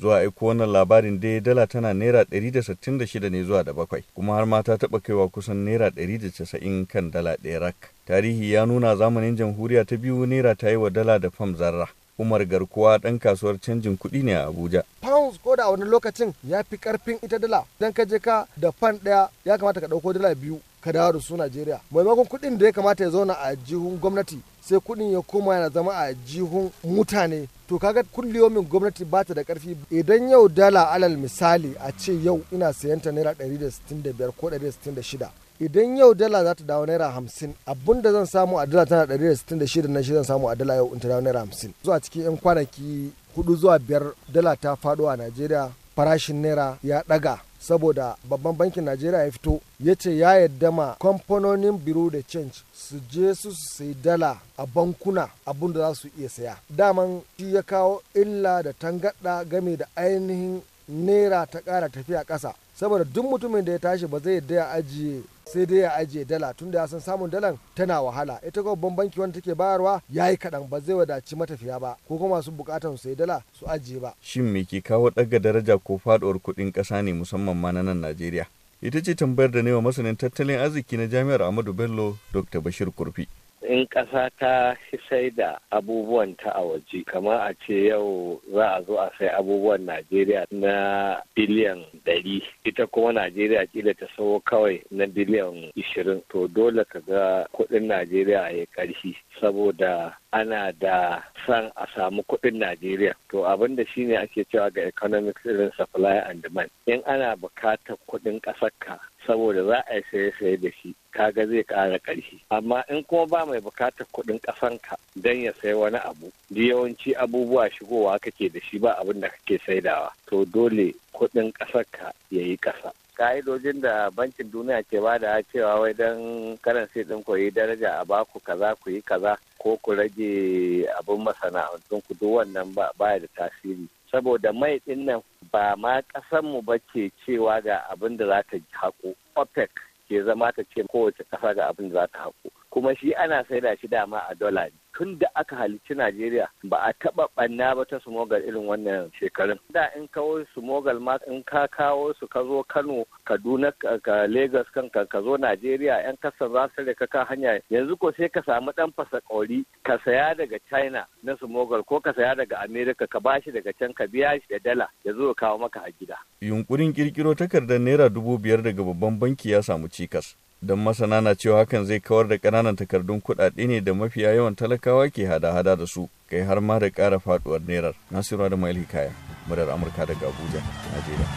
zuwa aiko wannan labarin dai dala tana naira 166 ne zuwa da bakwai kuma har ma ta taɓa kaiwa kusan naira 190 kan dala ɗaya rak tarihi ya nuna zamanin jamhuriya ta biyu naira ta yi wa dala da fam zarra Umar Garkuwa ɗan kasuwar canjin kuɗi ne a Abuja. Pounds ko da wani lokacin ya fi karfin ita dala idan ka je ka da fan ɗaya ya kamata ka ɗauko dala biyu ka dawo da su Najeriya. Maimakon kuɗin da ya kamata ya zauna a jihun gwamnati sai kuɗin ya koma yana zama a jihun mutane to kaga kulliyomin gwamnati ba ta da karfi idan yau dala alal misali a ce yau ina sayan ta naira 165 ko 166 idan yau dala za ta dawo naira hamsin abun da zan samu a dala tana 166 na shi zan samu a dala yau in ta dawo naira hamsin zuwa cikin yan kwanaki hudu zuwa biyar dala ta faɗo a najeriya farashin naira ya ɗaga saboda babban bankin najeriya ya fito ya ce ya yadda ma kamfanonin biro da change su je su sai dala a bankuna abin da za su iya saya daman shi ya kawo illa da tangada game da ainihin naira ta kara tafiya kasa saboda duk mutumin da ya tashi ba zai yadda ya ajiye sai dai ya ajiye dala tunda ya san samun dalan tana wahala ita kuma babban banki wanda take bayarwa yayi kaɗan ba zai wadaci matafiya ba ko kuma masu bukatan sai dala su ajiye ba shin me ke kawo ɗaga daraja ko faɗuwar kuɗin ƙasa ne musamman ma na nan Najeriya ita ce tambayar da ne wa masanin tattalin arziki na jami'ar Ahmadu Bello Dr. Bashir Kurfi in ƙasa ta sai da abubuwan ta a waje kamar a ce yau za a zo a sai abubuwan najeriya na biliyan ɗari ita kuma najeriya kila ta sayo kawai na biliyan ishirin to dole ka ga kuɗin najeriya ya ƙarfi saboda ana da san a samu kuɗin najeriya to abin da shine ake cewa ga economic irin supply and demand in ana bukatar kuɗin ƙasar ka saboda za a saye saye da shi kaga zai kara ƙarfi amma in kuma ba mai bukatar kuɗin kafanka don ya sayi wani abu da yawanci abubuwa shigowa kake da shi ba abin da kake saidawa to dole kuɗin kasarka ya yi kasa ka'idojin da bankin duniya ke ba da cewa wai don karan sai ku yi daraja a baku kaza ku yi kaza ko ku rage abin masana'antun ku duk wannan ba da tasiri saboda mai ɗin nan ba ma ƙasanmu ba ke cewa ga abin da za ta haƙo opec ke zama ta ce kowace ƙasa ga abin da za ta haƙo kuma shi ana saida shi dama a dola tun da aka halicci Najeriya ba a taɓa ɓanna ba ta smogal irin wannan shekarun. Da in kawo smogal ma in ka kawo su ka zo Kano, Kaduna, ka Lagos kan ka zo Najeriya yan kasar za su ka ka hanya yanzu ko sai ka samu ɗan fasakori ka saya daga China na smogal ko ka saya daga America ka bashi daga can ka biya shi da dala ya zo kawo maka a gida. Yunkurin kirkiro takardar naira dubu biyar daga babban banki ya samu cikas. don masana na cewa hakan zai kawar da ƙananan takardun kuɗaɗe ne da mafiya yawan talakawa ke hada-hada da su kai har ma da ƙara faɗuwar nerar nasiru da mai hikaya murar amurka daga abuja najeriya